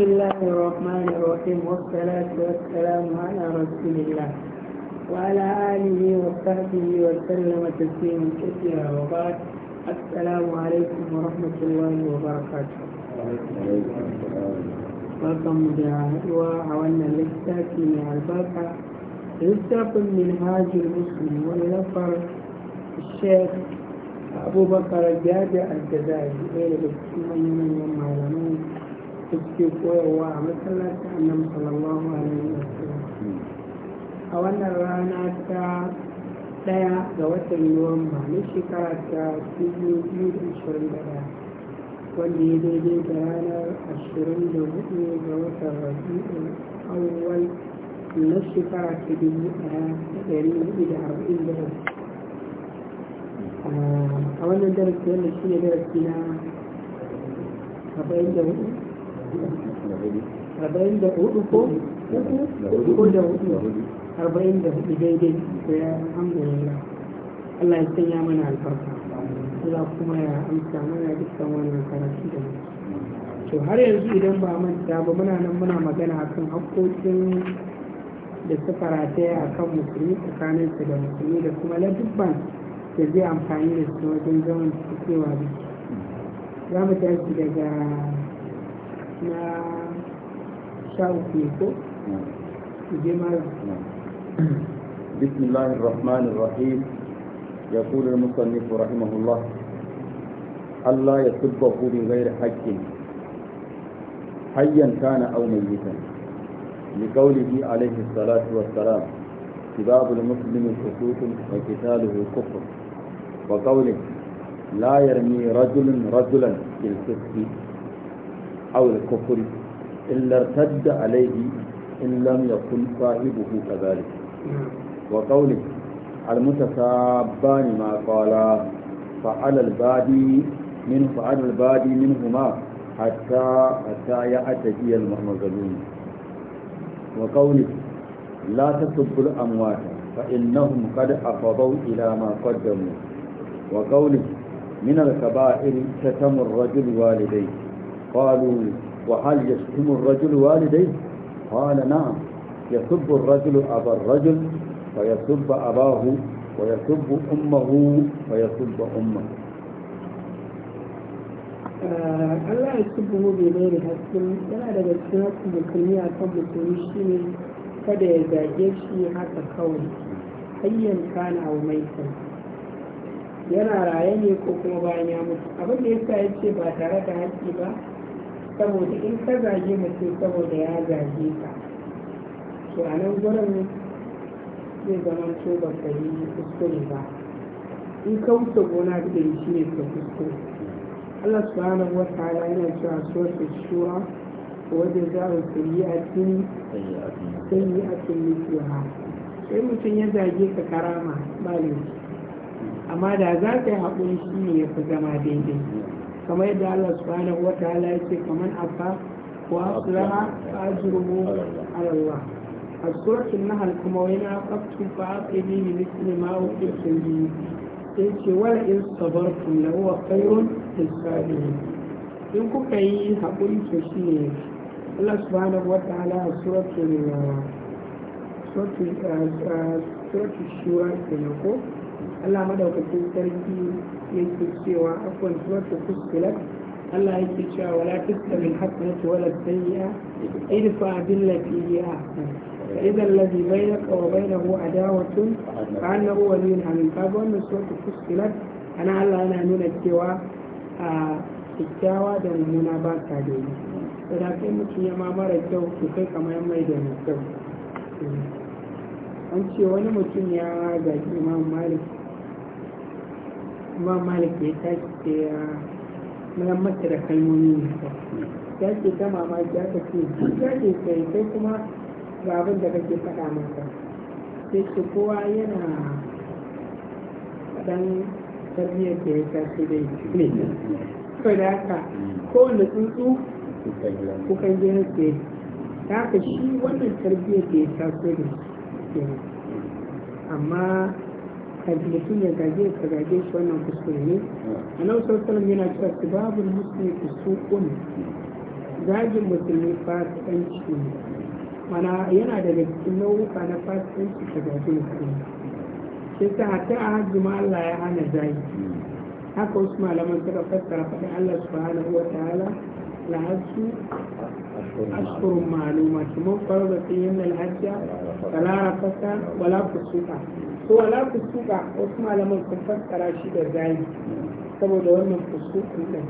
بسم الله الرحمن الرحيم والصلاة والسلام على رسول الله وعلى آله وصحبه وسلم تسليما كثيرا وبعد السلام عليكم ورحمة الله وبركاته. وعليكم السلام ورحمة الله وبركاته. وعلى الفاتحة رزق من هاج المسلم ولنفر الشيخ أبو بكر الجاجع الجزائري بين المسلمين ومعلمين suke koyarwa a masallacin annabi sallallahu alaihi wa a wannan rana ta daya ga watan nuwamba na shekara ta 2021 wanda ya daidai da ranar 24 ga watan rabi'ul awwal na shekara ta 1440 a wannan darasi wanda shi ne darasi na 44 arba'in da hudu ko ko da hudu arba'in da hudu daidai ko ya alhamdulillah Allah ya sanya mana albarka Allah kuma ya amsa mana dukkan wannan karatu da mu to har yanzu idan ba manta ba muna nan muna magana akan haƙƙoƙin da suka rataya a kan musulmi tsakanin su da musulmi da kuma ladubban da zai amfani da su wajen zaman cikewa da za mu tashi daga na ko بسم الله الرحمن الرحيم يقول المصنف رحمه الله ألا يسبه بغير حق حيا كان أو ميتا لقوله عليه الصلاة والسلام سباب المسلم خصوص وقتاله كفر وقوله لا يرمي رجل رجلا بالكفر aw al-kufri illa tadda alayhi in lam yakun sahibuhu kadhalik wa qawli al-mutasabbani ma qala fa'ala al min fa'ala al-badi minhuma hatta hatta ya'taji فإنهم قد أفضوا إلى ما قدموا وقوله من الكبائر شتم الرجل والديه قالوا وهل يشتم الرجل والديه قال نعم يسب الرجل أبا الرجل ويسب أباه ويسب أمه ويسب أمه آه، الله يسبه بغير هسم يلا لك السنة بكلمية قبل كونشين فدى زاجيشي حتى كون أيا كان أو ميتا يا رأيني كوكو بانيامو أبدا يسا يسي باتارة هسي بات saboda in ka zage mace saboda ya zage ka to a nan gurin zai zama to ba ka yi kuskure ba in ka wuce gona da yi shi ne ka kuskure Allah subhanahu wa wata yana cewa suratul shura a wajen yi a tuni sayyi'atun ha sai mutum ya zage ka karama ba amma da za ka yi haƙuri shi ne ya fi zama daidai kamar yadda Allah subhanahu wa ta'ala ce kaman afa wa aslaha ajruhu ala Allah a suratul nahl kuma wani aqtu fa aqibi li mithli ma uqitu bi yace wala in sabartum la huwa khayrun lisabirin in kuka yi haƙuri to shine Allah subhanahu wa ta'ala a suratul uh, suratul uh, suratul shura kenan ko Allah madaukakin sarki yake cewa akwai suratu fussilat Allah yake cewa wala tuska min hasanatu wala as-sayyi'a idan Ladi hi ahsan fa alladhi bainaka wa bainahu adawatun fa annahu ne hamim kaga wannan suratu fussilat ana Allah yana nuna cewa a kyakkyawa da mummuna ba ta daidai saboda kai mutum ya ma kyau to kai kamar mai da mai kyau an ce wani mutum ya zaki imam malik imam malik ya tashi ce ya mulammata da kalmomi ne ya ce ta mamaki aka ce ya ce sai kai kuma ga abin da kake faɗa masa sai ce kowa yana dan tarbiyyar da ya tashi dai ne kawai da haka kowane tsuntsu kukan gina ce ta haka shi wannan tarbiyyar da ya taso da amma mutum ya gaje ka gaje shi wannan kuskure ne a nan sassanin yana cewa su babu musulmi kusukun gajin musulmi fasikanci ne mana yana daga cikin nau'uka na fasikanci ka gaje ne sai ta hata a ma Allah ya hana zai haka wasu malaman suka fassara faɗi Allah subhanahu wa ta'ala الحج أشهر معلومات yi yin فيهن ka lara fasa wala kusuka. ko wala kusuka wasu malaman sun fassara shi da zai saboda wannan kusukun din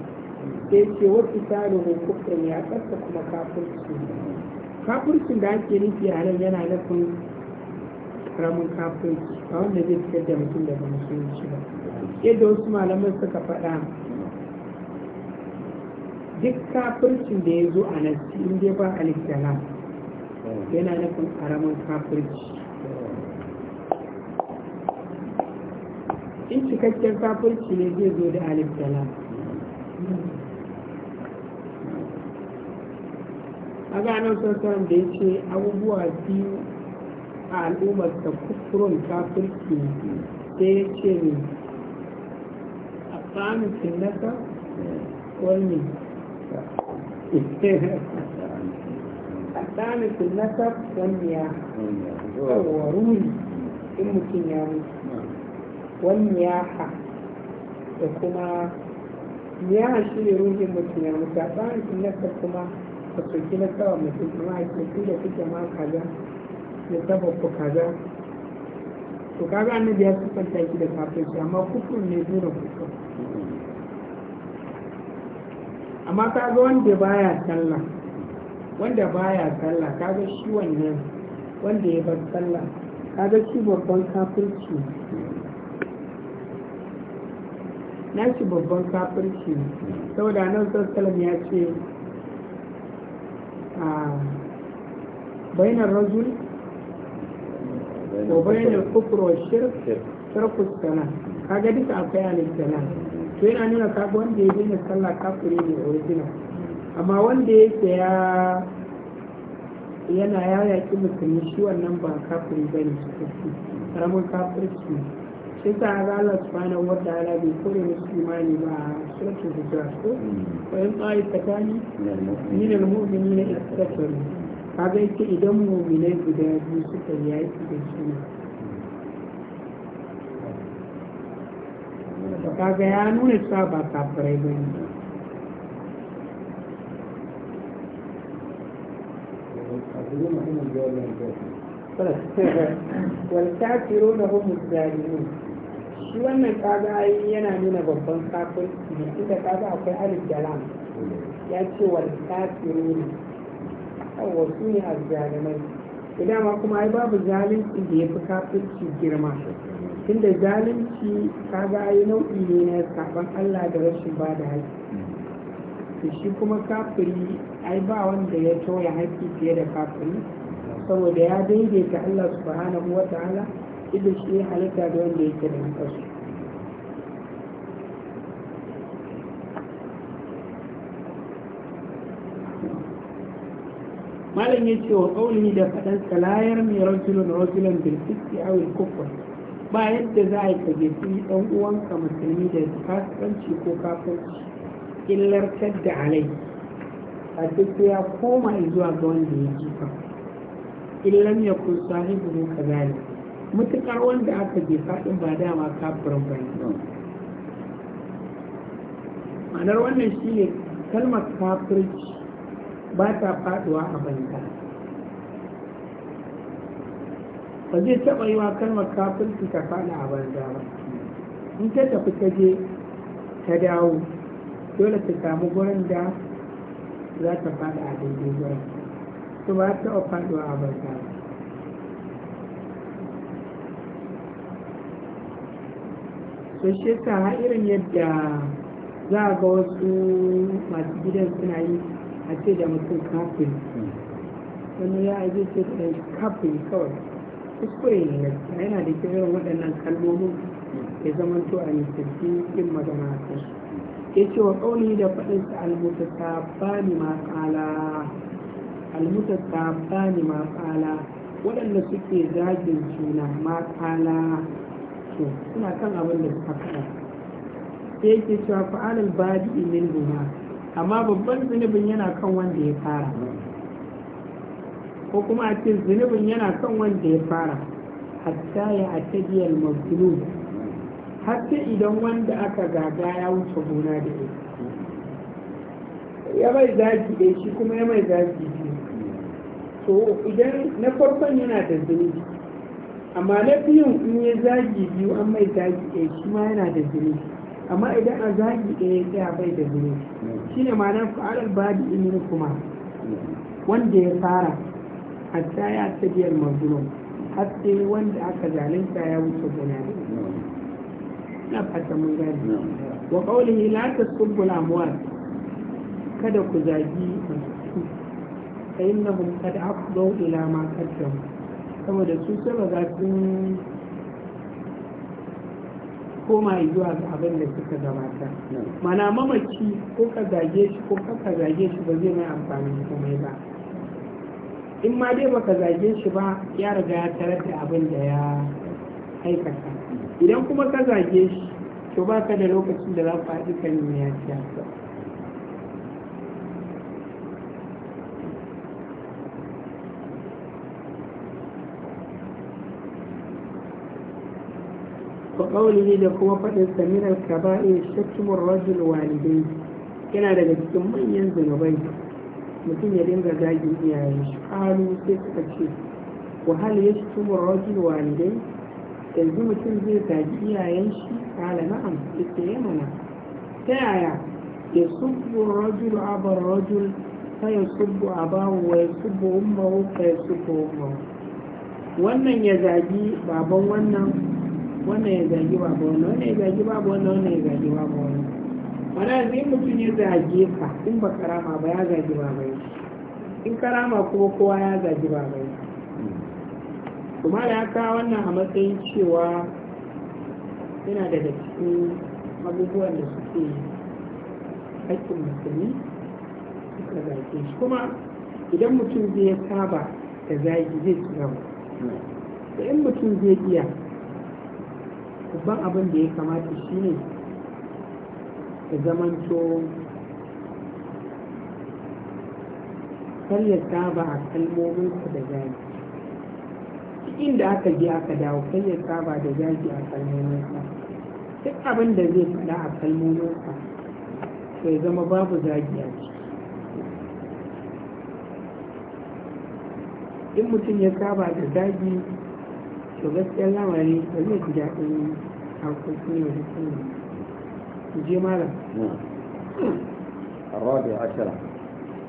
sai ce wasu tarihin kufrin ya tsarka kuma kafirci kafircin da ake nufi a nan yana nufin karamin kafirci a wanda zai fitar da mutum daga musulunci ba yadda wasu malaman suka faɗa duk kafircin da ya zo a nan in dai ba alkala yana nufin karamin kafirci in cikakken kafirci ne zai zo da alif salam a ganin sassan da ya ce abubuwa biyu a al'ummar ta kufurin kafirci sai ya ce ne a tsamin sinnata wani a tsamin sinnata wani ya ruwa in mutum ya mutu wanniyaha da kuma ya shi ne ruhin mutum ya mutu a tsarin sunnarsa kuma ka soki na tsawa mutum kuma a ke da suke ma kaza da sababba kaza to kaga annabi ya sufanta shi da kafirci amma kufur ne dole kufur amma kaga wanda baya sallah wanda baya sallah kaga shi wannan wanda ya bar sallah kaga shi babban kafirci ne Na nashi babban kafirci saboda nan sassalam ya ce a ah, bainar rajul ko bainar kufur wa shirk sarkus kana kaga duka akwai alittana to yana nuna kaga wanda ya daina sallah kafiri ne original amma wanda yake ya yana ya yaƙi musulmi shi wannan ba kafiri ne su karamin kafirci ne إذا الله سبحانه وتعالى بكل مسلمان مع سورة الفجرات وإن قال التكاني من المؤمنين أكثر هذا إذا مؤمنين بداية يوسف الياي في Kaga ya nuna cewa ba kafirai ba ne. Wal kafiru na hukun zalimin. shi wannan kaga yana nuna babban kafin ne inda kaga akwai alif da lam ya ce wal kafirun yawwa su ne azzalimai idan ma kuma ai babu zalunci da ya fi kafirci girma tunda zalunci kaga ai nau'i ne na sabon Allah da rashin ba da haƙƙi shi kuma kafiri ai ba wanda ya toya haƙƙi fiye da kafiri saboda ya daidaita Allah subhanahu wa ta'ala ido shi ya halitta da wanda yake da mutasu malam ya ce wa ƙaunin da faɗan salayar mai rajulun rajulun bilfiski a kufa ba yadda za a yi kajefi ɗan uwanka musulmi da kasuwanci ko kafanci illartar da alai a duk ya koma zuwa ga wanda ya jifa illam yakun sahibu kazalika mutukar wanda aka je faɗin ba dama kafirin ba ma'anar wannan shi ne kalmar kafirci ba ta faɗuwa a banza ba zai taɓa yi wa kalmar kafirci ta faɗa a banza ba in ta tafi ta je ta dawo dole ta samu gurin da za ta faɗa a daidai gurin su ba ta faɗuwa a banza ba sai shi yasa irin yadda za a ga wasu masu gidan suna yi a ce da mutum kafin wani ya ajiye ce da kafin kawai kuskure ne yadda yana da ke irin waɗannan kalmomin ya zama to a nisanci yin magana a ya ce wa ƙauni da faɗinsa almutasabani ma ƙala ni ma ƙala waɗanda suke zagin juna ma ƙala to suna kan abin da suka faɗa sai yake cewa fa'alal badi min amma babban zunubin yana kan wanda ya fara ko kuma a ce zunubin yana kan wanda ya fara hatta ya atadiyal mazlum hatta idan wanda aka gaga ya wuce gona da ita ya mai zafi ɗaya shi kuma ya mai zafi biyu to idan na farkon yana da zunubi amma na biyun in ya zagi biyu an mai zagi ɗaya shi ma yana da zini amma idan a zagi ɗaya ya tsaya bai da zini shi ne ma'anar fa'alar babi in kuma wanda ya fara a ya ta biyar mazlum har sai wanda aka zalunta ya wuce gona da na fata mun gani wa qawlihi la tasubbu al kada ku zagi su fa innahum qad afdaw ila ma qaddamu saboda su ba za su koma zuwa ga abin da suka gabata mana mamaki ko ka zage shi ko ka zage shi ba zai mai amfani komai ba in ma dai baka zage shi ba ya riga ya tarar da abin da ya aikata idan kuma ka zage shi to ba ka da lokacin da za ku haɗu kan ya ciyasa وقوله لكم فإنس من الكبائر شتم الرجل والديه yana daga cikin manyan zunubai mutum ya dinga zagin iyayen shi kalu sai suka ce wahala ya shi rajul walidai yanzu mutum zai zagi iyayen shi kala na'am ita ya mana ta yaya ya subbu rajul abar rajul ta ya subbu wa ya subbu ya subbu wannan ya zagi baban wannan wannan ya zagi babu wannan wannan ya zagi babu wannan wannan ya zagi babu wannan mana ya in mutum ya zage ka in ba karama ba ya zagi babu in karama kuma kowa ya zagi babu kuma da haka wannan a matsayin cewa yana daga cikin abubuwan da suke haƙƙin musulmi suka zage shi kuma idan mutum zai saba da zagi zai ci gaba hmm. in mutum zai iya babban abin da ya kamata shi da ya zamanto kar ya saba a kalmomin ku da zagi cikin da aka je aka dawo kar ya saba da zagi a kalmomin sa duk abin da zai faɗa a kalmomin sa sai zama babu zagi a ciki in mutum ya saba da zagi to gaskiya lamari da zai fi daɗin harkokin yau da kuma je mara rabi ashara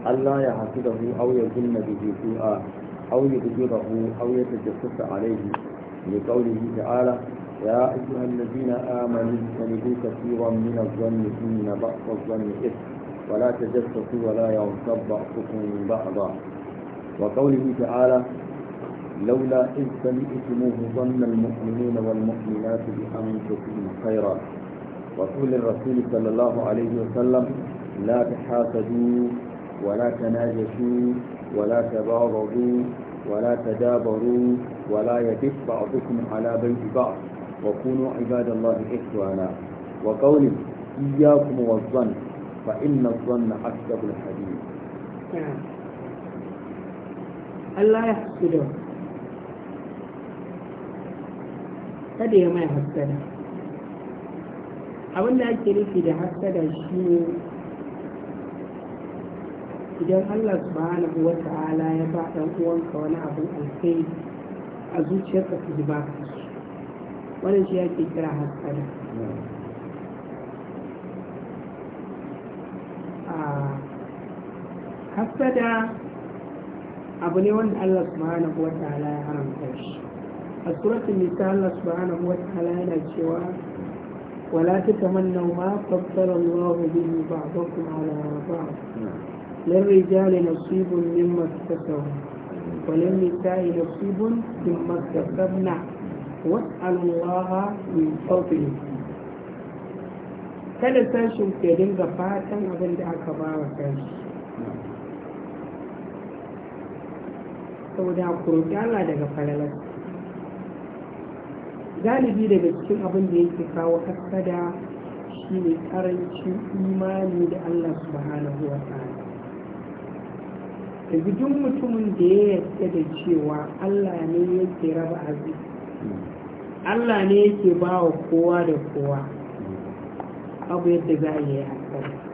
Allah ya hasu da hu auyar zunna da ke su'a auyar da ke rahu auyar da ke sassa a laifi ne kauri yi ta'ala ya ake hannabi na amani da ne duka tsiron nuna zuwan na ba a zuwan wala ta jasta su wala ya ba a kukun ba ba wa ta'ala لولا إذ سمعتموه ظن المؤمنون والمؤمنات بأنفسهم خيرا وقول الرسول صلى الله عليه وسلم لا تحاسدوا ولا تناجشوا ولا تباغضوا ولا تدابروا ولا يدف بعضكم على بيت بعض وكونوا عباد الله إخوانا وقوله إياكم والظن فإن الظن أكذب الحديث. الله يحسده kada ya mai hassada abin da ake nufi da hassada shi ne idan allah subhanahu wa ta'ala ya ba ɗan uwanka wani abin alkai a zuciyarka su ji ba wannan shi ake kira hassada hassada abu ne wanda allah subhanahu wa ta'ala ya haramta shi a suratul nisa Allah subhanahu wa ta'ala yana cewa wala tatamannaw ma faddala Allah bihi ba'dakum ala ba'd للرجال نصيب مما اكتسبوا وللنساء نصيب مما اكتسبن واسألوا الله من فضله kada sashin ke dinga fatan abin da aka ba wa sashi saboda ku Allah daga falalar galibi daga cikin abin da yake kawo hasada shi ne karancin imani da Allah subhanahu wa ta'ala yanzu duk mutumin da ya yarda da cewa Allah ne yake raba arziki Allah ne yake ba wa kowa da kowa abu yadda za a yi hasada.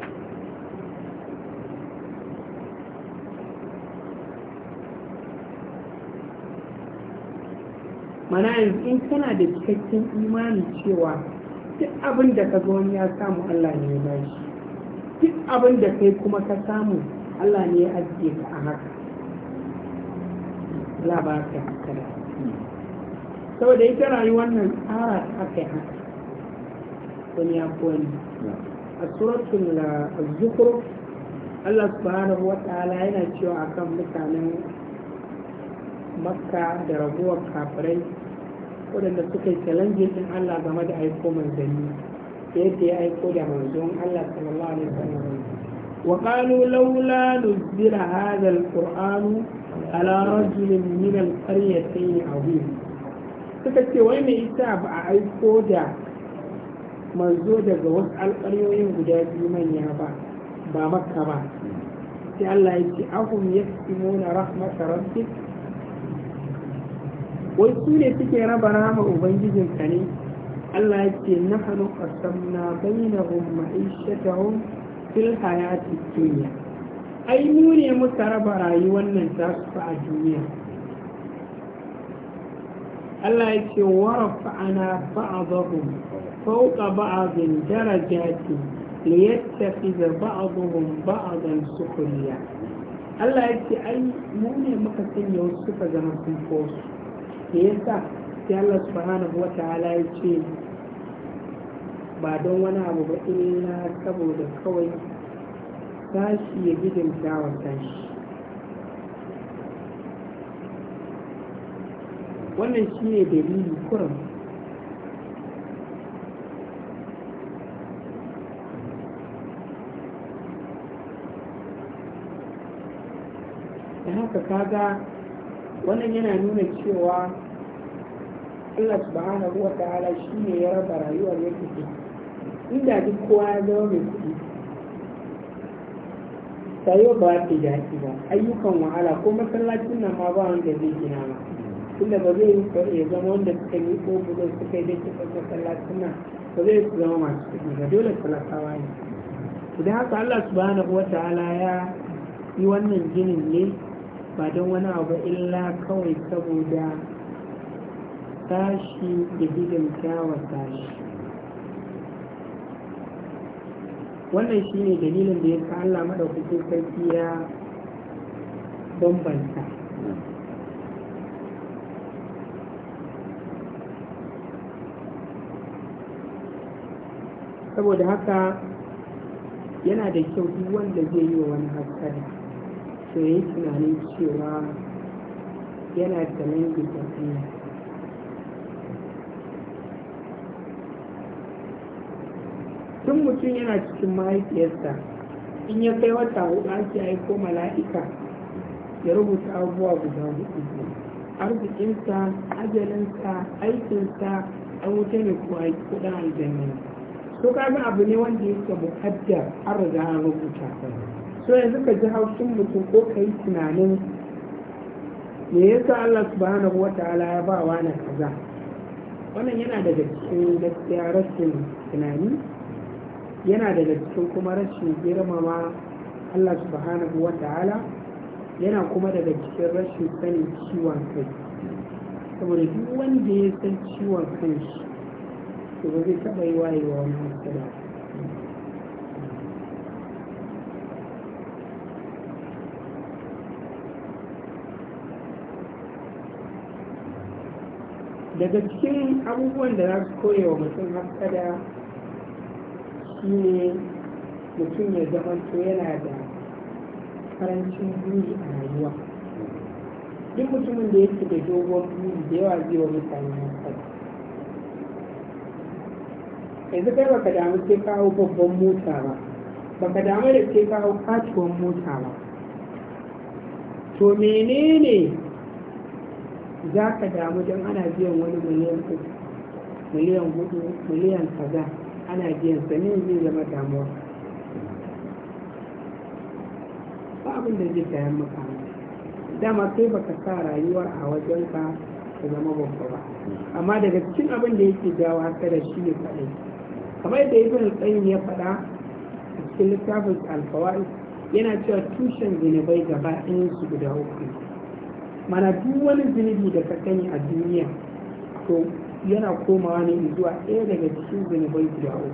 mana yanzu in kana da cikakken imani cewa duk abin da ka wani ya samu Allah ne ya bashi duk abin da kai kuma ka samu Allah ne ya ajiye ka a haka labarka ba kada saboda ita rayuwar nan tsara ta kai haka wani ya wani a suratul uh, zukhruf Allah subhanahu wa ta'ala yana cewa akan mutanen makka da raguwar kafirai waɗanda suka yi challenging din Allah game da aiko manzanni da yadda ya aiko da manzon Allah sallallahu alaihi wasallam wa qalu laula nuzila hadha alquran ala rajulin min alqaryatayn azim suka ce wai me yasa ba a aiko da manzo daga wasu alƙaryoyin guda biyu manya ba ba makka ba sai Allah ya ce ahum yaqsimuna rahmatar rabbika wai su ne suke raba rama ubangijin ka ne Allah ya ce na hannu kasamna bainahum ma'ishatahum fil hayati dunya ai mu ne muka raba rayuwar nan ta su a duniya Allah ya ce warafa'ana ba'dahum fawqa ba'dhin darajatin liyattakhidha ba'dahum ba'dan sukhriya Allah ya ce ai mu ne muka sanya wasu suka zama sun fosu me sa, sai Allah subhanahu wa ta'ala ya ce ba don wani abu ba ina saboda kawai tashi ya gidin wa tashi wannan shi ne dalili kurum da haka kaga wannan yana nuna cewa Allah subhanahu wa ta'ala shi ne ya raba rayuwar yake kuɗi inda duk kowa ya zama mai kuɗi sayo ba ta daɗi ba ayyukan wahala ko masallacin nan ma ba wanda zai gina ma tunda ba zai yi ya zama wanda suka yi ko bulo suka yi da ke masallacin nan ba zai su zama masu kuɗi ba dole talakawa ne idan haka Allah subhanahu wa ta'ala ya yi wannan ginin ne ba don wani abu illa kawai saboda tashi da gidan wa tashi wannan shi ne dalilin da ya sa Allah maɗaukakin sarki ya bambanta saboda haka yana da kyau duk wanda zai yi wa wani haskada to yi tunanin cewa yana da langi da tun mutum yana cikin mahaifiyarsa in ya kai wata hudu ake aiko mala'ika ya rubuta abubuwa guda hudu arzikinsa ajalinsa aikinsa an wuce ne kuma kudin aljanna so kaga abu ne wanda yake muhaddar an riga an rubuta so yanzu ka ji haushin mutum ko ka yi tunanin me yasa Allah subhanahu wa ta'ala ya ba wa na kaza wannan yana daga cikin gaskiya rashin tunani yana daga cikin kuma rashin girmama Allah subhanahu wa ta'ala yana kuma daga cikin rashin sanin ciwon kai saboda duk wanda ya san ciwon kanshi to ba zai taɓa yi wayewa wani matsala daga cikin abubuwan da za su koya wa mutum da shi ne mutum ya zama to yana da karancin buri a rayuwa duk mutumin da yake da dogon buri da yawa zai wa mutane haskada yanzu kai baka damu sai kawo babban mota ba baka damu da sai kawo katuwan mota ba to menene za ka damu don ana biyan wani miliyan uku miliyan hudu miliyan kaza ana biyan sanin zai zama damuwa ba abin da zai sayan maka dama kai baka sa rayuwar a wajen ka ta zama babba ba amma daga cikin abin da yake jawo haka da shi ne faɗi kamar yadda ibn tsayin ya faɗa a cikin littafin alfawari yana cewa tushen zinubai gaba ɗayan su guda uku mana duk wani zunubi da ka sani a duniya to yana komawa ne zuwa ɗaya daga cikin zunubai guda uku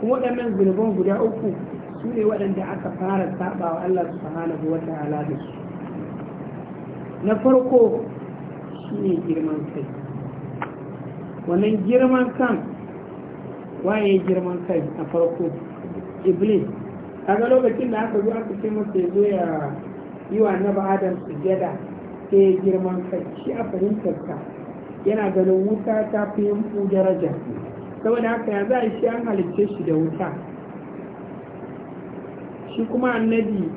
kuma waɗannan zunuban guda uku su ne waɗanda aka fara saba wa Allah su fahana ta'ala da su na farko shi ne girman kai wannan girman kan waye girman kai na farko iblis kaga lokacin da aka zo aka ce masa ya zo ya yi wa na adam sujada gada ke girman kai shi a fahimtar ka. yana ganin wuta ta fi yin daraja saboda haka ya za a shi an halicce shi da wuta shi kuma annabi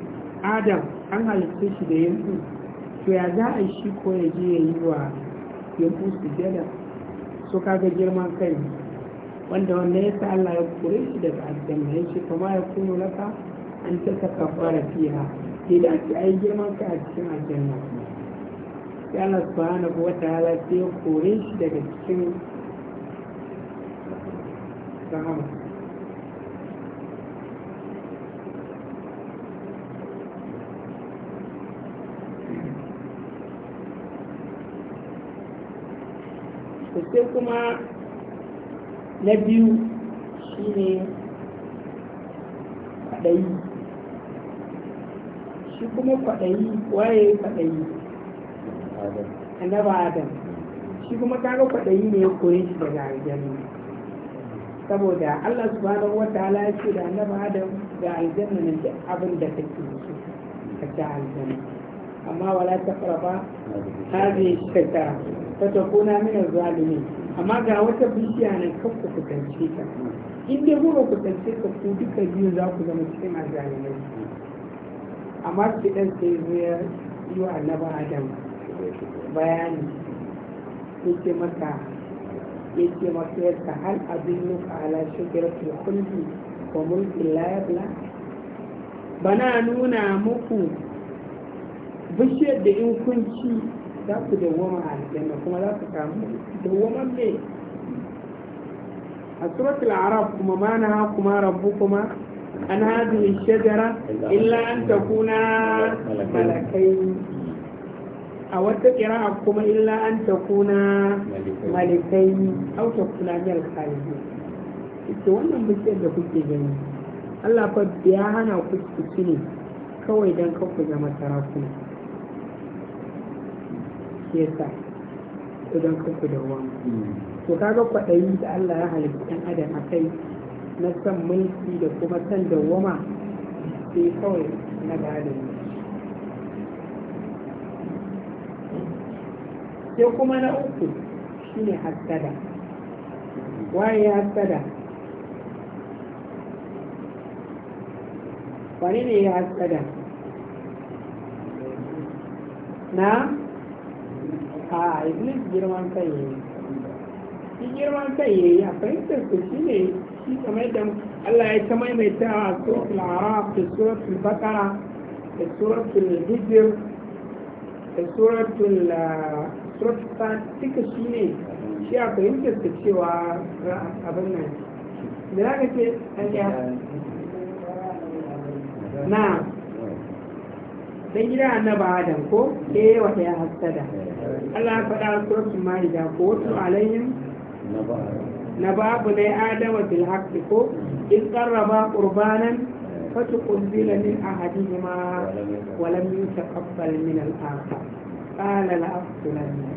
adam an halicce shi da yanzu to ya za a shi ko ya je ya yi wa su sujada so kaga girman kai wanda wanda ya sa Allah ya kore shi daga aljanna ya ce kuma ya kuno laka an ta fara fiha sai da ake ai girman ka a cikin aljanna sai Allah subhanahu wa ta'ala sai ya kore shi daga cikin sama sai kuma na biyu shine kaɗai shi kuma kwaɗayi waye kwaɗayi annaba adam shi kuma kaga kwaɗayi ne ya kore shi daga aljanna saboda Allah subhanahu wa ta'ala ya ce da annaba adam ga aljanna ne duk abin da kake so ka ta aljanna amma wala ta faraba hadi shajara ta kuna min zalimi amma ga wata bishiya ne kan ku kusance ta in dai ku kusance ka ku duka biyu za ku zama cikin azalimai amma su ta yi ya yi wa annaba adam bayani ya ce masa ya ce masa ya ta hal abin nuka ala shigar kulli wa mulkin layabla bana nuna muku bishiyar da in kun ci za ku dawwama a aljanna kuma za ku samu dawwaman ne a suratul arab kuma ma na kuma rabbu kuma an هذه الشجرة إلا an takuna malakai a التكرة qira'a kuma أن an takuna malakai aw takuna min wannan bishiyar da kuke gani Allah fa ya hana ku ci ne kawai dan kanku zama sarakuna ku da wani to kaga kwaɗayi da Allah ya halitta ɗan adam a kai na san mulki da kuma san dawwama sai kawai na gane Ke kuma na uku shine hasada waye hasada wani ne ya hasada na a iblis girman kai ne shi girman kai yi a fahimtar su ne. kamar yadda Allah ya ta maimaita a suratul araf da suratul bakara da suratul hijr da suratul suratul ta duka ne shi a fahimtar ta cewa abin nan da za ka ce na dan gida annaba adam ko ke eh, wata ya hasada Allah ya faɗa suratul ma'ida ko wasu alayhim na babu dai adama bil haqqi ko in qarraba qurbanan fatuqbila min ahadihima wa lam yutaqabbal min al-akhar qala la aqtulanna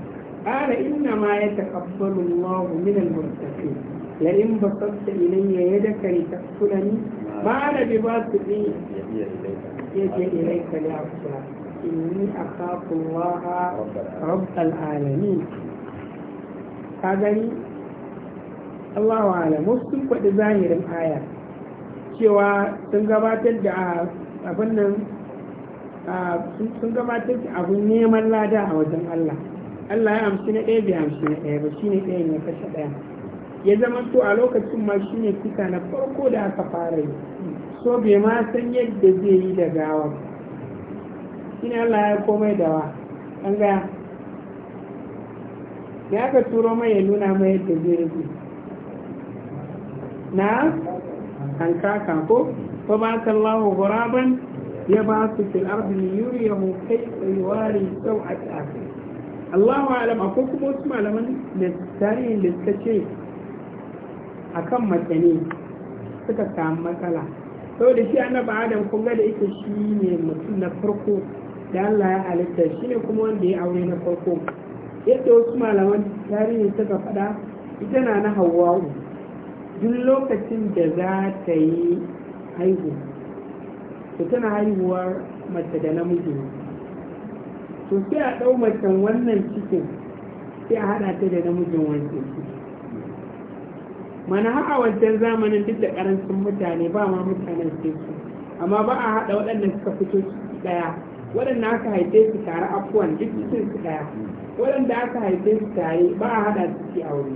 qala inna ma yataqabbalu Allah min al-muttaqin la in basata ilayya yadaka litaqtulani ma ana bi basiti yadi ilayka li aqtulani inni akhafu Allah rabb al-alamin ka gani Allah wa wasu sun faɗi zahirin aya cewa sun gabatar da abin nan sun gabatar da abin neman lada a wajen Allah Allah ya amshi na ɗaya bai amshi na ɗaya ba shi ne ɗaya ne kashe ɗaya ya zama to a lokacin ma shi ne kisa na farko da aka fara yi so bai ma san yadda zai yi da gawa shi ne Allah ya komai da wa an gaya ya ka turo mai ya nuna mai yadda zai yi na an kaka ko fa ba ta Allahu guraban ya ba su fil ardi yuriyahu kayfa yuwari sau'ati akhi Allahu alam akwai kuma wasu malaman da tarihin da suka ce a kan matsani suka samu matsala saboda shi annabi adam kun ga da yake shi ne mutum na farko da Allah ya halitta shi ne kuma wanda ya aure na farko yadda wasu malaman tarihin suka faɗa ita na na hawa'u duk lokacin da za ta yi haihu to tana haihuwar mace da namiji to sai a ɗau macen wannan cikin sai a haɗa ta da namijin wancan ciki mana haka wancan zamanin duk da ƙarancin mutane ba ma mutanen sai su amma ba a haɗa waɗannan suka fito ciki ɗaya waɗanda aka haife su tare afuwan duk cikin su ɗaya waɗanda aka haife su tare ba a haɗa su ci aure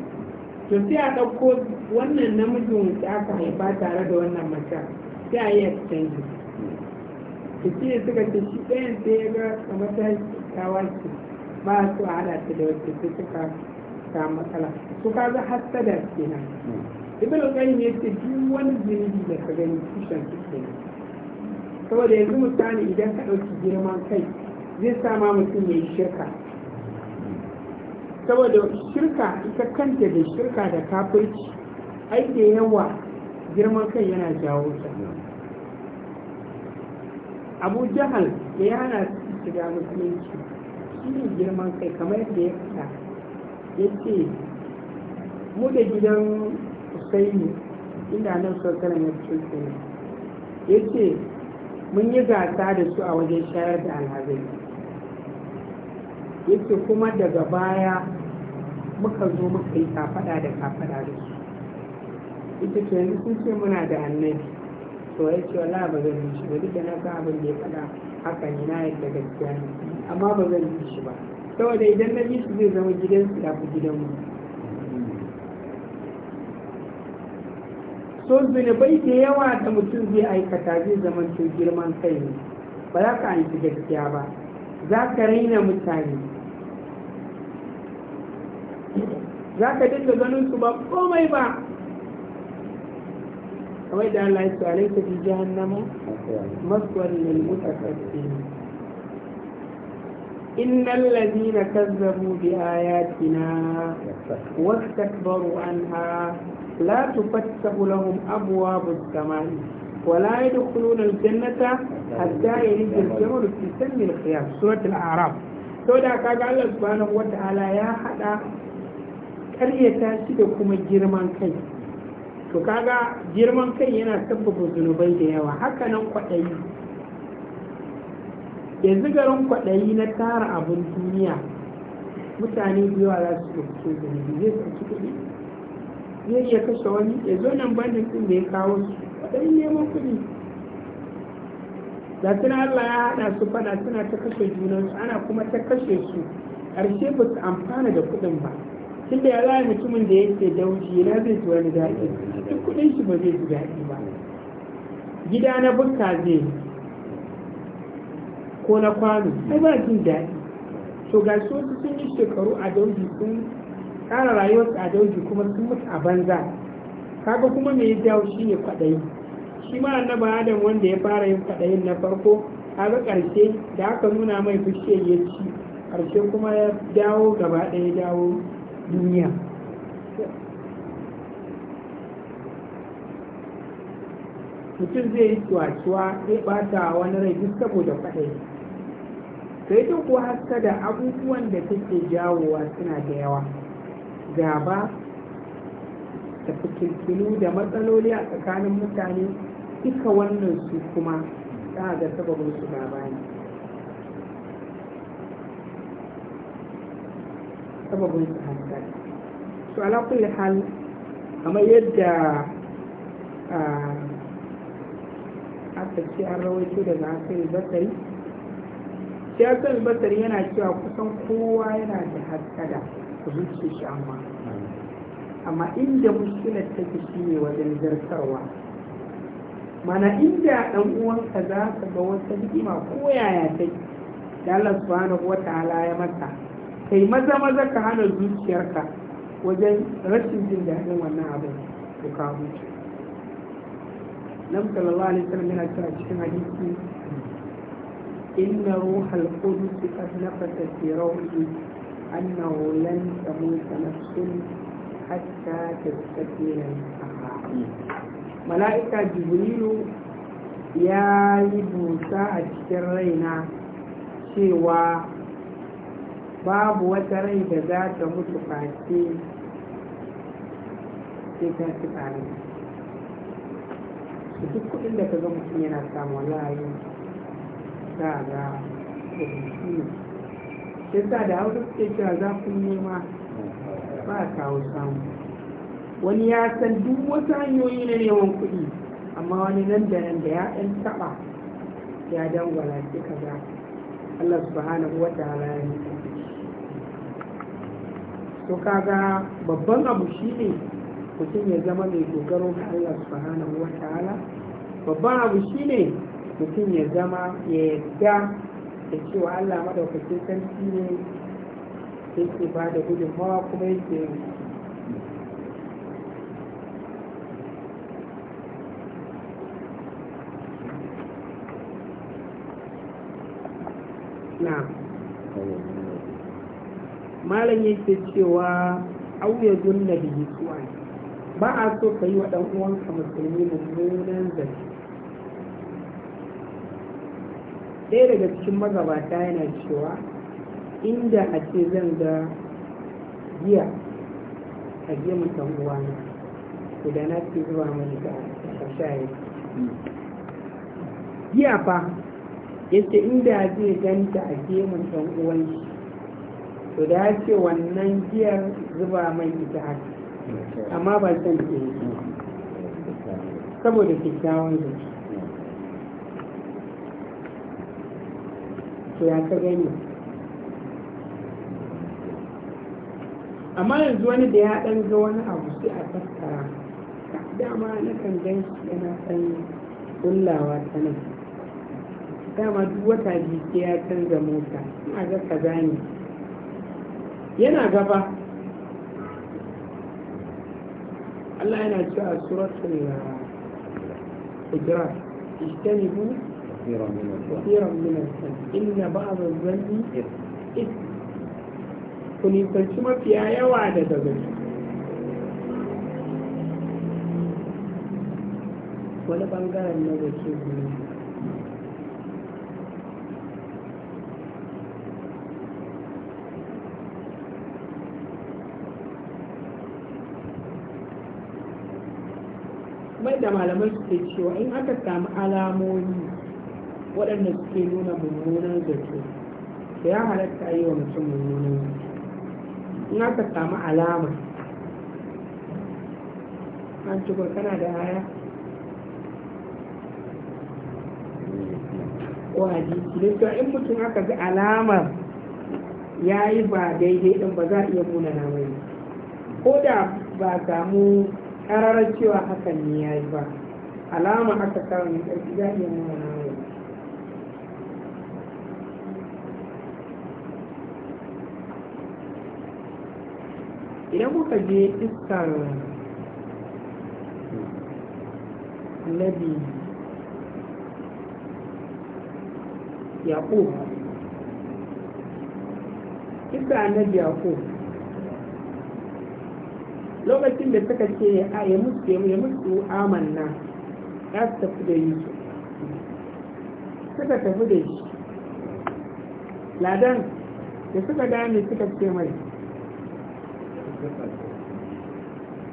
to sai a ɗauko wannan namijin ya aka haifa tare da wannan mace Ta a yi exchange da shi da suka ce shi ɗayan sai ya ga kamar ta kyakkyawa ce ba su a ta da wacce ta suka samu matsala su ka ga hassada nan? ibi da ƙari ne ta ji wani zirgi da ka gani tushen su nan saboda yanzu mutane idan ka ɗauki girman kai zai sama mutum ya yi shirka saboda shirka ita kanta da shirka da kafirci ai da yawa girman kai yana jawo sa abu jahal da ya hana shiga musulunci shi ne girman kai kamar yadda ya fita ya ce mu da gidan usaini inda nan sosalan ya fito ya ce mun yi gasa da su a wajen shayar da alhazai ya ce kuma daga baya muka zo muka yi kafaɗa da kafada da su ita ke yanzu sun ce muna da annabi to ya ce wala ba zan yi shi ba duk da na ga abin da ya faɗa haka ne na yadda gaskiya ne amma ba zan yi shi ba saboda idan na bi su zai zama gidansu ya fi gidanmu so bai da yawa da mutum zai aikata zai zama to girman kai ne ba za ka aiki gaskiya ba za ka raina mutane za ka dinga ganin su ba komai ba kamar da Allah ya ce alai ta fi jahannama maskwar lil mutakaddi inna allazina kazzabu bi ayatina wastakbaru anha la tufattahu lahum abwabu as-samai wa la yadkhuluna al-jannata hatta yalija al-jamal fi san al-khiyam surat al-a'raf to da ga Allah subhanahu wata ala ya hada ƙaryata shi da kuma girman kai to kaga girman kai yana sabbaba zunubai da yawa haka nan kwaɗayi yanzu garin kwaɗayi na tara abin duniya mutane biyuwa za su ɗauki zunubi zai ɗauki kuɗi zai iya kashe wani ya zo nan bandin ɗin da ya kawo su kwaɗayi neman kuɗi da tuna Allah ya haɗa su faɗa suna ta kashe junansu ana kuma ta kashe su ƙarshe ba su amfana da kuɗin ba tunda ya zai mutumin da ya yake dauji na zai ji wani daɗi duk kuɗin shi ba zai ji daɗi ba gida na bukka zai ko na kwano ai ba jin daɗi to ga su wasu sun yi shekaru a dauji sun ƙara rayuwar a dauji kuma sun mutu a banza kaga kuma me ya jawo shi ne kwaɗayi shi ma annaba adam wanda ya fara yin kwaɗayin na farko kaga ƙarshe da aka nuna mai fushe ya ci ƙarshe kuma ya dawo gaba ɗaya dawo duniya mutum zai yi tuwa-tuwa zai bata wani rai duk saboda kwaɗayi sai ta kuwa haska da abubuwan da take jawowa suna da yawa gaba da fikinkinu da matsaloli a tsakanin mutane duka wannan su kuma ta ga sababin su gaba ne sababin su haska to ala kulli hal kamar yadda aka ce an rawaito daga hasan basari shi basari yana cewa kusan kowa yana da haskada zuciya shi amma amma inda muskilar take shi ne wajen zartarwa mana inda ɗan uwanka za ka ga wata ni'ima ko yaya take da Allah subhanahu wa ta'ala ya mata kai maza maza ka hana zuciyarka wajen rashin jin daɗin wannan abin ko ka huce nan sallallahu alaihi wasallam yana cewa cikin hadisi inna ruhal qudus qad nafata fi ruhi annahu lan tamuta nafsun hatta tastakmila mala'ika jibrilu ya yi busa a cikin raina cewa babu wata rai da za ta mutu face sai ta ci tsari su duk kuɗin da ka ga mutum yana samu layi za ga rubutu ne shi sa da hausa suke cewa za ku nema ba a kawo samu wani ya san duk wasu hanyoyi na neman kuɗi amma wani nan da nan da ya ɗan taɓa ya dangwala shi ka ga Allah subhanahu wa ta'ala ya to kaga babban abu shine mutum ya zama mai dogaro ga Allah subhanahu wa ta'ala babban abu shine mutum ya zama ya yadda da cewa Allah madaukakin sarki ne yake ba da gudunmawa kuma yake na malam yake cewa auya dunna bihi suwa ba a so ka yi wa ɗan uwanka musulmi mummunan zance ɗaya daga cikin magabata yana cewa inda a ce zan ga giya a gemun ɗan uwana to da na ce zuwa mani ga shaye giya fa yace inda zai ganta a gemun ɗan uwan shi to da ya ce wannan giyar zuba mai ita haka amma ba zan ke yi saboda kyakkyawan zuci to ya ka gani amma yanzu wani da ya ɗan ga wani abu sai a tattara dama na kan gan shi yana san kullawa ta nan dama duk wata biyu ya canza mota ina ga ka ne yana gaba Allah yana cewa a suratul uh, hujurat ijtanibu kathiran min al-dhann inna ba a dhanni ithm ku nisanci mafiya yawa daga gari wani bangaren na zaki ne kamar da malamai suke cewa in aka samu alamomi waɗanda suke nuna mummunan zato da ya halatta yi wa mutum mummunan zato in aka samu alama an ci kana da haya. ko hadisi don in mutum aka ga alamar ya yi ba daidai ɗin ba za a iya nuna namai ko da ba samu kararar cewa hakan ne ya yi ba alama aka kawo ne ɗarki za iya nuna na yau idan kuka je iskar annabi yaƙo iskar annabi yaƙo lokacin da suka ce a ya mutu ya mutu amanna ya tafi da yi. suka tafi da shi ladan da suka dame suka ce mai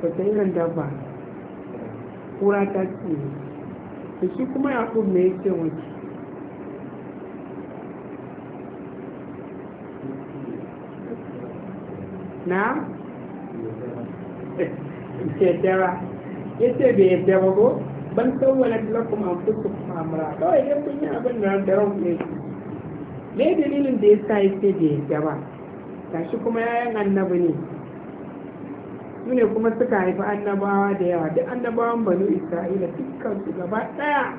wata irin dabba kura ta ce da shi kuma ya kuma ya ce mutu na yaddara ya ce bai yadda ba ko ban tsawwala lakum an fusu amra kawai idan kun yi abin da ran rau ne me dalilin da ya sa ya ce bai yadda ba gashi kuma yayan annabi ne su ne kuma suka haifi annabawa da yawa duk annabawan banu isra'ila dukkan su gaba daya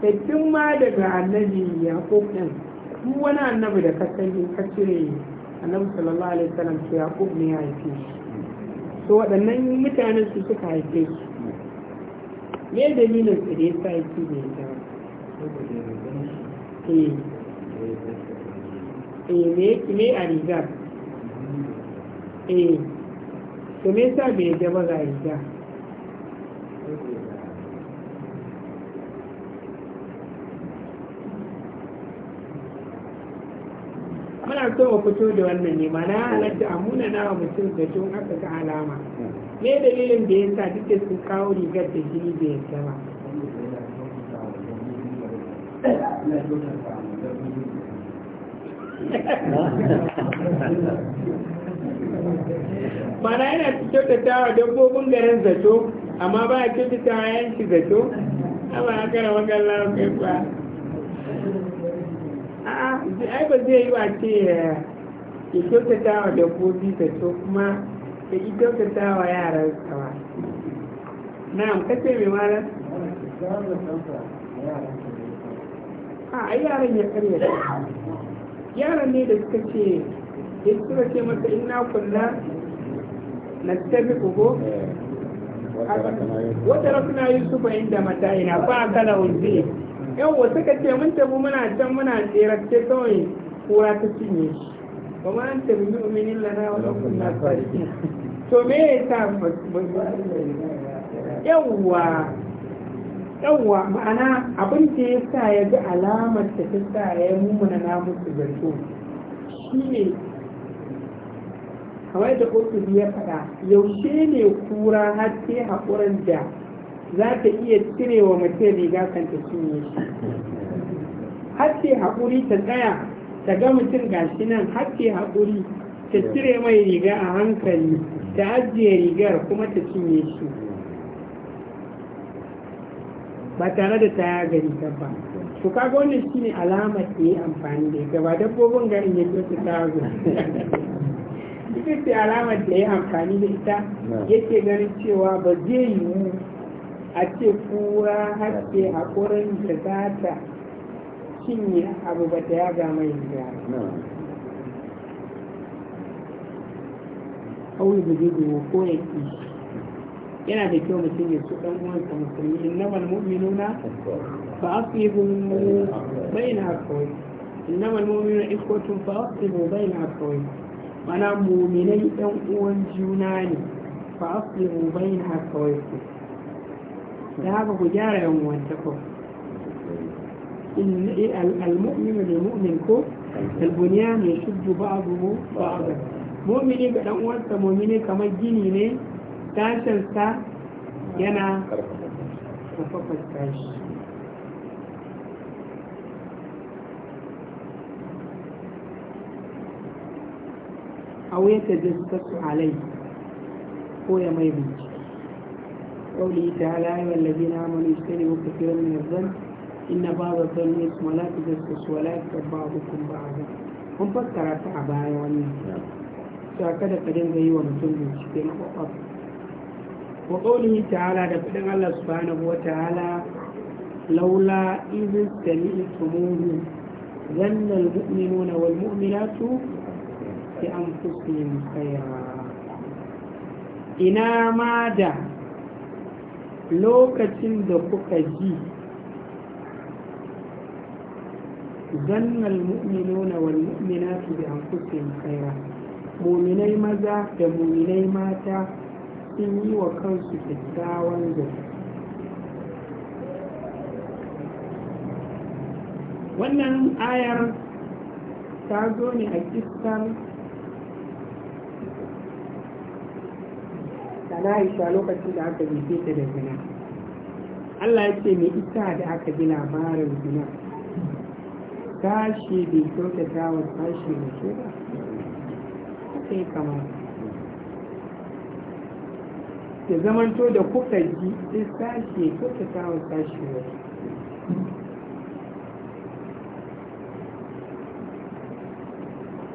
tattun ma daga annabi yaqub din duk wani annabi da ka sani ka cire annabi sallallahu alaihi wasallam to yaqub ne ya haife shi to waɗannan mutanen su suka haife su me dalilin su da ya sa yake ne ta eh me yake me a riga E! to me yasa bai yadda ba ga riga muna so a fito da wannan ne mana halatta a muna nawa mutum da tun aka ta alama me dalilin da ya sa su kawo rigar da jini da yadda ba mana yana da tawa dabbobin garin zato amma ba a kyautata wa yanki zato amma a kara magana kai ba ai ba zai yi wa ce eh, ya kyautata wa dabbobi ta so kuma ya ki kyautata wa yaran ba na'am kace mai malam a yaran ya karya yaran ne da suka ce ya suka ce masa ina kulla eh, na tafi ugo wata rafina yusufa da mata ina ba kala wanzu yan wasu ka ce mun tafi muna can muna tserace kawai kura ta cinye shi ba ma an tafi yi uminin lana wa ɗaukun na farki to me ya sa yawwa yawwa ma'ana abin da ya sa ya ga alamar ta ta sa ya yi mummuna na musu zato shi ne kamar da ƙoƙi ya faɗa yaushe ne kura har sai haƙuran da za ta iya cire wa mutum riga kan ta cinye shi har ce haƙuri ta tsaya ta ga mutum gashi nan har ce haƙuri ta cire mai riga a hankali ta ajiye rigar kuma ta cinye shi ba tare da ta yaga rigar ba to kaga wannan ne alama ke yi amfani da ita ba dabbobin ga in yake su ta zo ita ce alamar da ya amfani da ita yake ganin cewa ba zai yi a ce kura haske haƙurin da za ta cinye abu ba ta yaga mai da kawai da gudu ko ya ƙi yana da kyau mutum ya su ɗan uwansa musulmi innamal mu'minuna fa asibu baina akawai innamal mu'minuna ikhwatun fa asibu baina akawai mana mu'minai ɗan uwan juna ne fa asibu baina akawai ذهب خجارة يوم وانتكم إيه، المؤمن المؤمن كو البنيان يشد بعضه بعضا مؤمني بدن وانت مؤمني كما جيني ني كاشن سا ينا مفقد كاش أو يتجسس عليه هو ما يبنجي قوله تعالى يا الذين آمنوا اجتنبوا كثيرا من الظن بعض الظن اسم تجسس ولا يكتب بعضكم بعضا kada ka yi wa mutum bincike na kwakwaf wa ƙaunihi ta'ala da faɗin Allah subhanahu wa ta'ala laula izin ina ma da lokacin da kuka ji zanna almu'minuna wal mu'minatu bi anfusihim khaira mu'minai maza da mu'minai mata sun yi wa kansu kyakkyawan zato wannan ayar ta zo ne a kistar na aisha lokacin da aka jefe ta da zina Allah ya ce mai ita da aka ji labarin zina tashi bai kyautata wa tashi da ke ba haka yi kamata ya zamanto da kuka ji sai sashi ya kyautata wa sashi wasu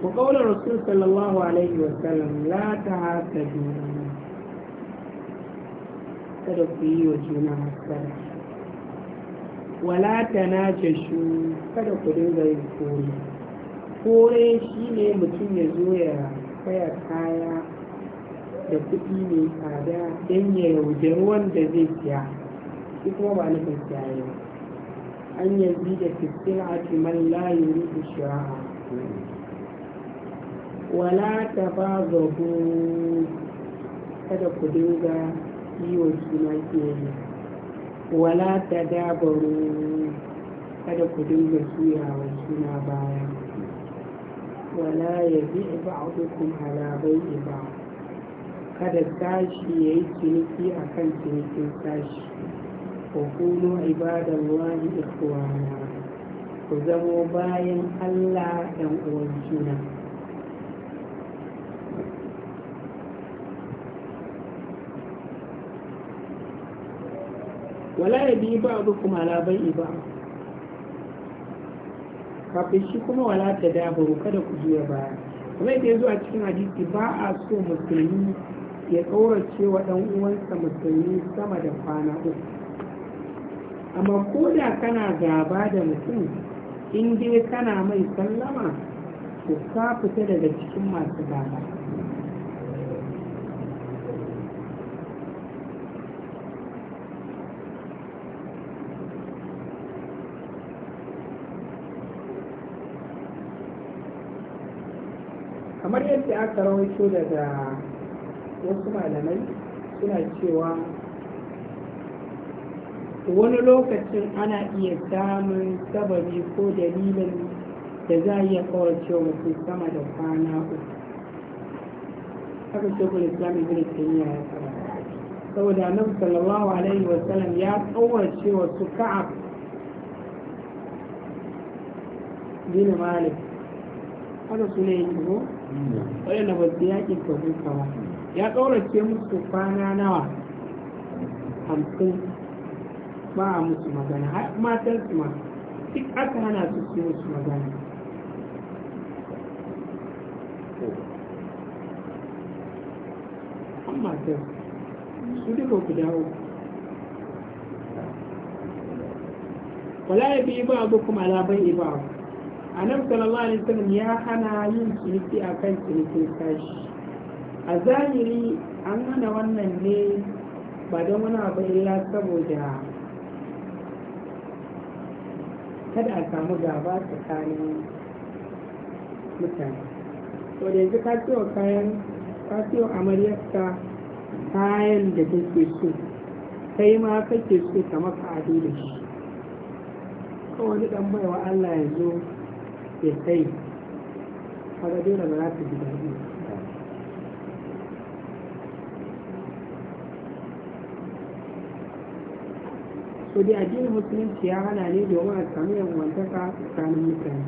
وقول الرسول صلى الله عليه وسلم لا تحاسدوا kada ku yi wa juna hasara wala ta na shu kada ku dinga yin kore kore shi ne mutum ya zo ya kaya kaya da kuɗi mai tsada don ya yaudari wanda zai siya shi kuma ba nufin siya yau an yanzu da fiskin atiman layin rufe shira'a wala ta ba kada ku dinga kiwo shi ke yi wala ta dabaru kada ku dinga juyawa juna baya wala ya bi ba'dukum ala bai'i ba kada sashi ya yi ciniki a kan cinikin sashi ku kuno ibadan wani ku zamo bayan allah dan uwan juna wala ya bi ba abu kuma ala bai ba kafin shi kuma wala ta dabaru kada ku juya baya kuma cikin hadisi ba a so musulmi ya ƙaurace wa ɗan uwansa musulmi sama da kwana uku amma ko da kana gaba da mutum in dai kana mai sallama to ka fita daga cikin masu gaba kamar yadda aka rawaito daga wasu malamai suna cewa wani lokacin ana iya samun sababi ko dalilin da za a iya kawar cewa mutum sama da kwana uku haka shekul islam ibn taymiya ya fara. saboda annabi sallallahu alaihi wa sallam ya kawar wa su ka'ab bin malik haka su ne yi waɗanda ba su yaƙin tabuka ba ya ƙaurace musu kwana nawa hamsin ba a musu magana har matan su ma duk aka hana su su musu magana an matan su duka ku dawo wala ya bi ba abu kuma labai ba abu annabi sallallahu alaihi wasallam ya hana yin ciniki akan cinikin kashi a zahiri an hana wannan ne ba don wani abu illa saboda kada a samu gaba tsakanin mutane to da yanzu ka kayan ka amaryarka kayan da take so kai ma kake so ka maka ado da shi kawai dan baiwa Allah ya zo يستيب هذا دون مناسب التهديد ودي أجين مسلم سياغا لعلي دوما أسامي أبو منتقى كان مكان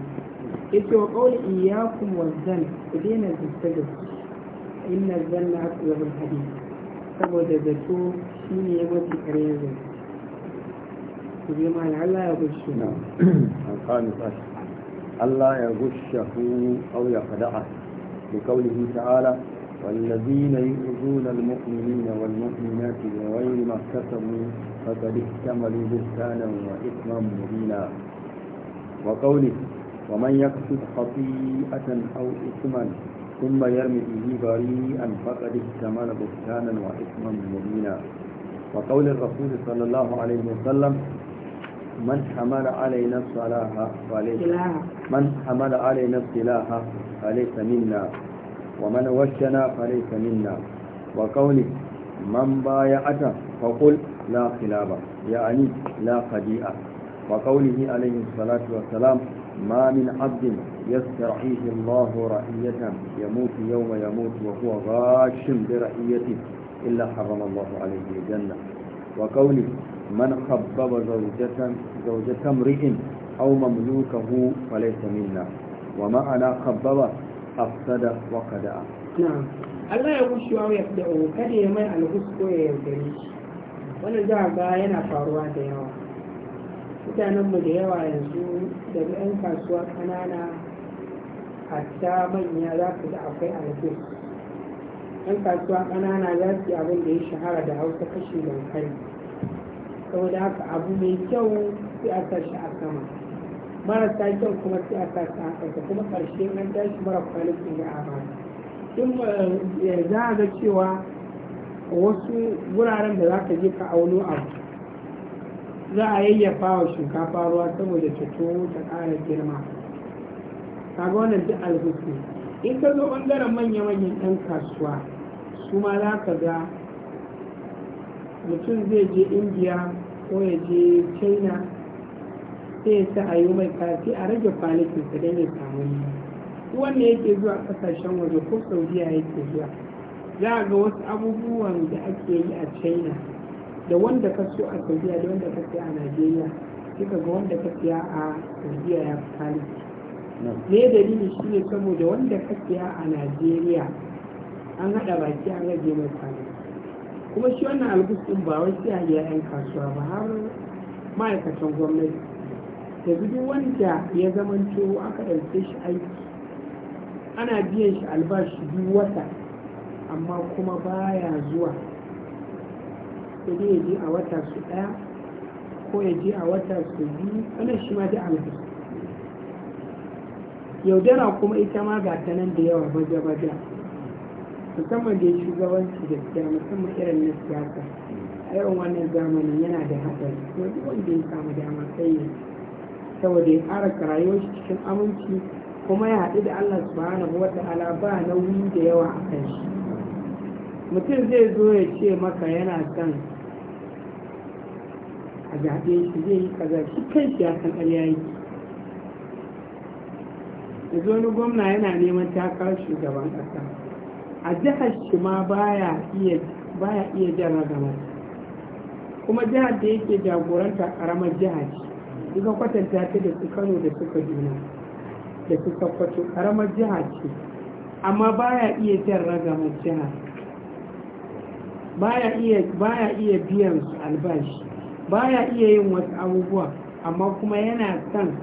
إذ يقول إياكم والزن ودينا تستجد إن الزن أطلب الحديث فقد ذاتو شين يبوت الكريزة ودي ما لعلا يقول شنا القانس أشهر ألا يغشه أو يخدعه بقوله تعالى والذين يؤذون المؤمنين والمؤمنات بغير ما اكتسبوا فقد احتملوا بهتانا وإثما مبينا وقوله ومن يكتب خطيئة أو إثما ثم يرمي به بريئا فقد احتمل بهتانا وإثما مبينا وقول الرسول صلى الله عليه وسلم من حمل علينا الصلاة فليس من حمل علينا الصلاة فليس منا ومن وشنا فليس منا وقوله من بايعته فقل لا خلاف يعني لا خديئة وقوله عليه الصلاة والسلام ما من عبد يسترعيه الله رعية يموت يوم يموت وهو غاش برعيته إلا حرم الله عليه الجنة وقوله man khabbaba zawjatan zawjatan ri'in aw mamlukahu falaysa minna wa ma'ana khabbaba afsada wa qada'a na'am Allah ya gushi wa ya fada kada ya mai alhusko ya yaudare shi wannan za ga yana faruwa da yawa Mutanenmu da yawa yanzu daga yan kasuwa kanana hatta manya za su da akwai alhusko yan kasuwa kanana za su yi abin da ya shahara da hausa kashi dankali saboda haka abu mai kyau sai a tashi a sama marasa kyau kuma sai a tashi a sama, kuma ƙarshe an tashi mara kwalitin ga a in eh, za a ga cewa wasu wuraren da za ka je ka auno abu za a yayyafa wa shinkafa ruwa saboda ta towo ta ƙara girma kaga wannan duk alhutu in ka zo ɓangaren manya-manyan 'yan kasuwa su ma za ka ga mutum zai je indiya ko ya je china sai ya sa a yi mai kafi a rage kwalitinsa don ya samu wanda yake zuwa kasashen waje ko saudiya yake zuwa za a ga wasu abubuwan da ake yi a china da wanda ka so a saudiya da wanda ka siya a najeriya duka ga wanda ka siya a saudiya ya fi kwaliti ne dalili shi ne saboda wanda ka siya a najeriya an haɗa baki an rage mai kwaliti kuma shi wannan alkusin ɗin ba wai sai a yan kasuwa ba har ma'aikatan gwamnati da duk wanda ya zama zamanto aka ɗauke shi aiki ana biyan shi albashi duk wata amma kuma baya zuwa sai ya je a wata su ɗaya ko ya je a wata su biyu ana shi ma da albus yaudara kuma ita ma ga ta nan da yawa baja-baja musamman da ya shugabanci da siya musamman irin na siyasa a irin wannan zamanin yana da haɗari ko duk wanda ya samu dama sai ya saboda ya ƙara rayuwar shi cikin aminci kuma ya haɗu da Allah subhanahu wa ta'ala ba nauyi da yawa a kan shi mutum zai zo ya ce maka yana son a zaɓe shi zai yi kaza shi kan shi ya san ƙarya yake yanzu gwamna yana neman takarar shugaban ƙasa a jihar shi ma baya iya iya jan ragamar kuma jihar da yake jagoranta ramar jihar ce duka kwatanta ta da su kano da suka juna da su kwato ramar jihar ce amma baya iya jan ragamar jihar baya iya biyan su albashi baya iya yin wasu abubuwa amma kuma yana son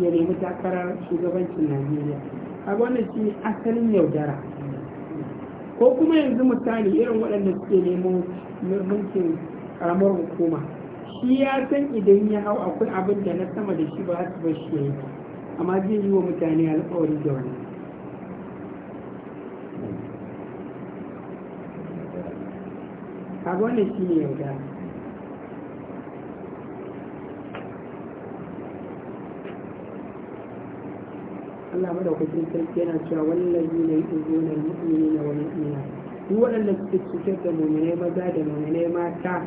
ya nemi takarar shugabancin najeriya a wannan shi ne asalin yaudara ko kuma yanzu misali irin waɗanda suke nemo mulkin karamar hukuma shi ya san idan ya hau akwai abin da na sama da shi ba su bar shi yayi amma zai yi wa mutane alƙawari da wani kaga wannan shi ne yaudara Allah madaukakin sarki yana cewa wallahi ne yuzuna na wani ina duk waɗanda suke cike da mu'minai maza da mu'minai mata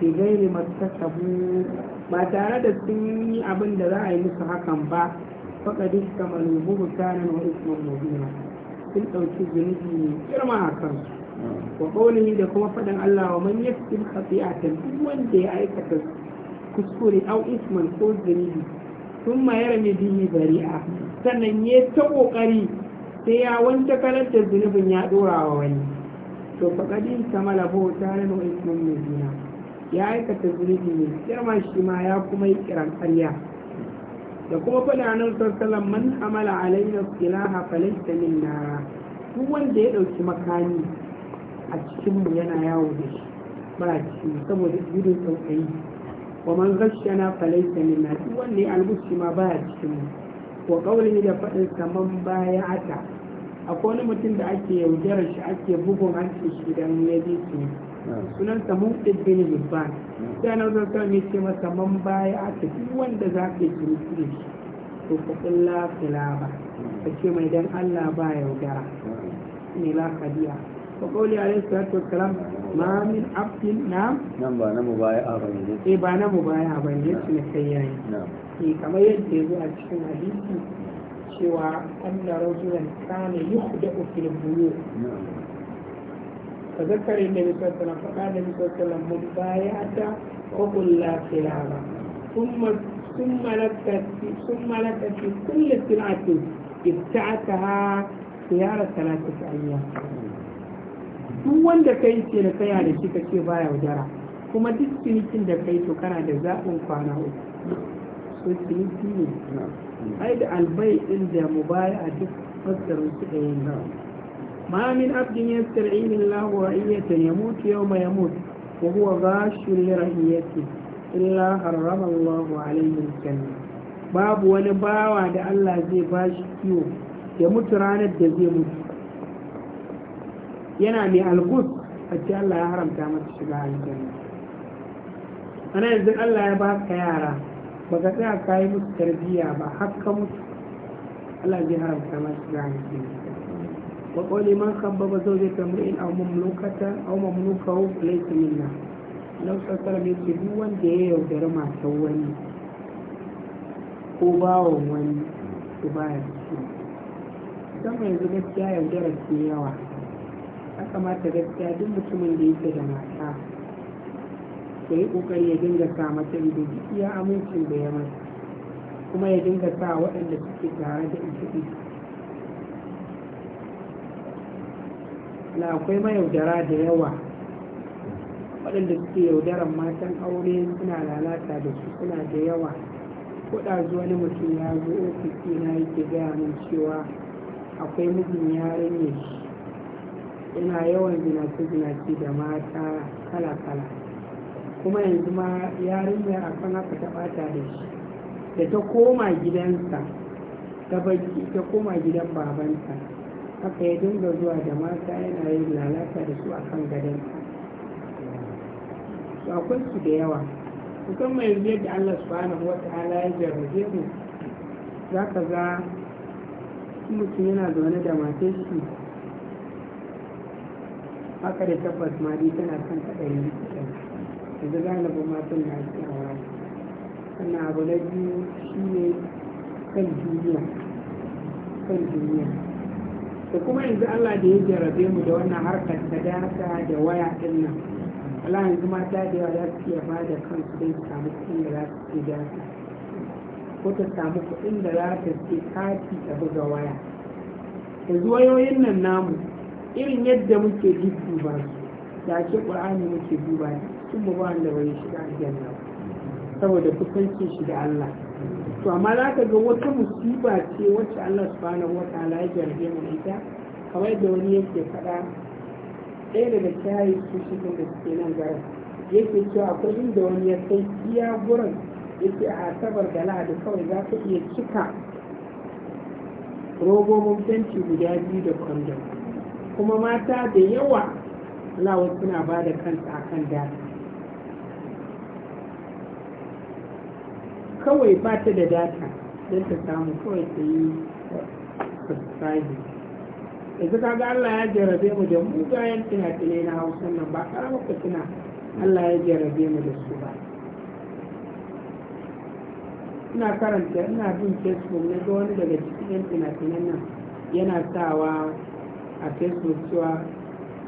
fi gairi mattasabu ba tare da sun yi abin da za a yi musu hakan ba faɗaɗin kamar rububu tanan wa isman mubina sun ɗauki zunubi ne girma a kansu wa ƙaunihi da kuma faɗin Allah wa man yafsil khati'atan duk wanda ya aikata kuskure au isman ko zunubi sun ma yarmi bihi bari'a sannan ya ta ƙoƙari sai ya wanke kalantar zunubin ya ɗora wa wani to faɗaɗi kama lafo ta da wani mai juna ya aikata zunubi ne girma shi ma ya kuma yi kiran ƙarya da kuma faɗa nan sassalan man hamala alaina ilaha falaita min nara duk wanda ya ɗauki makami a cikinmu yana yawo da shi ba a cikin saboda gudun tsautsayi wa man gashana falaita min nara duk wanda ya albushi ma a cikinmu wa qawlihi da faɗin kaman baya aka akwai wani mutum da ake yaudarar shi ake bugun hanci shi idan ya ji su sunan sa muqtid bin hibban sai na zo sai ce masa man baya aka duk wanda za ka yi kirkiri shi to lafila ba a ce mai dan Allah ba yaudara ne la kadiya wa qawli alayhi salatu kalam ma min abdin na nan ba na mubaya'a bane eh ba na mubaya'a bane yace ne kai yayi ake kamar yadda ya zo a cikin hadisi cewa anna rajulan kana yukhda'u fil buyu tazakkari da bi sallam fa kana bi sallam mubayata wa kullu silama thumma thumma lakati thumma lakati kullu silati ibta'ataha siyara salatu ayyam duk wanda kai ce da kai da kika ce baya wajara kuma duk cinikin da kai to kana da zaɓin kwana uku ko ciniki ne ai da albai din da mu mubaya a duk fassarar su ɗaya ne ma min abdin yastar'i min lahu ra'iyatan yamutu yawma yamut wa huwa Gashu li ra'iyati illa harrama Allahu alayhi al-jannah babu wani bawa da Allah zai bashi kiwo ya mutu ranar da zai mutu yana mai algus a ce Allah ya haramta masa shiga aljanna ana yanzu Allah ya baka yara ba ka tsaya ka yi musu tarbiyya ba har ka Allah zai haramta ma shiga hankali ba qawli man khabbaba in imrin aw mamlukatan aw mamlukahu laifin minna Allah sallallahu alaihi wasallam duk wanda ya yaudari matan wani ko bawon wani ko baya ciki mai yanzu gaskiya yaudara ke yawa ya kamata gaskiya duk mutumin da yake da mata ya yi kokari ya dinga sa mata ido duk iya amincin da ya mata kuma ya dinga sa waɗanda suke tare da ita ido na akwai mayaudara da yawa waɗanda suke yaudaran matan aure suna lalata da su suna da yawa kuɗa zuwa wani mutum ya zo ofisi na yake gaya min cewa akwai mijin yarinyar yana yawan zinace-zinace da mata kala-kala kuma yanzu ma yarinya a kan haka ta da shi da ta koma gidansa ta baki ta koma gidan babanta haka ya dinga zuwa da mata yana yin lalata da su a kan gadonsa su akwai su da yawa musamman yanzu yadda allah subhanahu wa ta'ala ya jarrabe mu za ka za mutum yana zaune da matar shi haka da tabbas ma tana kan kaɗa yi da galibin matan da ake aura sannan abu na biyu shi ne kan duniya kan duniya da kuma yanzu Allah da ya jarabe mu da wannan harkar ta data da waya din nan Allah yanzu mata da yawa za su iya ba da kansu don samu kuɗin da za su ke data ko ta samu kuɗin da za ta ke kati ta buga waya yanzu wayoyin nan namu irin yadda muke dudduba su da ake ƙura'ani muke duba ne cikin ba wanda bai shiga aljanna saboda kusancin shi da Allah to amma za ka ga wata musiba ce wacce Allah subhanahu wa ta'ala ya jarge mu ita kamar da wani yake faɗa ɗaya daga kyayi su shiga da suke nan gara yake cewa akwai inda wani ya sai iya gurin yake a asabar da lahadi kawai za ka iya cika robobin fenti guda biyu da kwandon kuma mata da yawa lawa suna ba da a kan daɗi. kawai ba ta da data don ta samu kawai ta yi subscribing yanzu ga Allah ya jarabe mu da mugayen tunatune na hausa nan ba maka fitina Allah ya jarabe mu da su ba ina karanta ina bin facebook na ga wani daga cikin yan tunatunan nan yana sawa a facebook cewa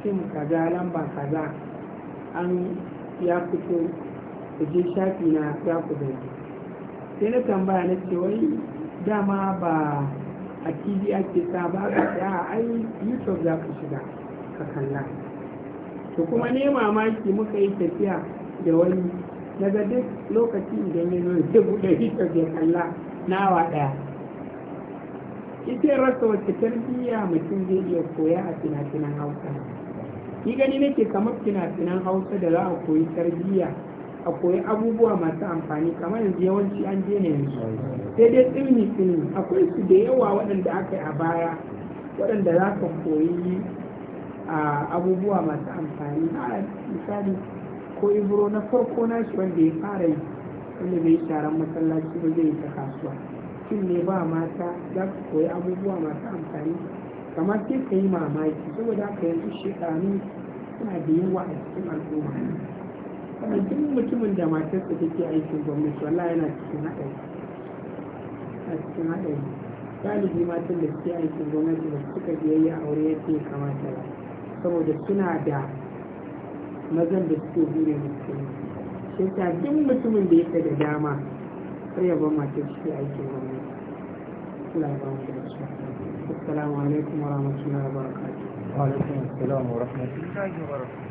fim kaza lamba kaza an ya fito ku je shafi na ya ku sai na tambaya na ce wai dama ba a tv ake sa ba ka ya ai youtube za ka shiga ka kalla to kuma ne mamaki muka yi tafiya da wani daga duk lokaci da ne zo da buɗe youtube ya kalla na ɗaya ita rasa wacce tarbiyya mutum zai iya koya a finafinan hausa ni gani nake kamar finafinan hausa da za a koyi tarbiyya a koyi abubuwa masu amfani kamar yanzu yawanci an daina yanzu sai dai tsirni tsirni akwai su da yawa waɗanda aka yi a baya waɗanda za ka koyi abubuwa masu amfani a misali ko ibro na farko na shi wanda ya fara yi wanda bai sharan masallaci ba zai yi ta kasuwa shin ne ba mata za ka koyi abubuwa masu amfani kamar sai ka yi mamaki saboda haka yanzu shekaru suna da yawa a cikin al'umma kuma duk mutumin da matarsa take aikin gwamnati wallahi yana cikin haɗari a cikin haɗari galibi matan da suke aikin gwamnati da suka biyayya aure ya yake kamata ba saboda suna da mazan da suke gure da suke yi shi ta duk mutumin da yake da dama har ya ban matar shi aikin gwamnati Allah ya ba mu da shi assalamu alaikum wa rahmatullahi wa barakatuh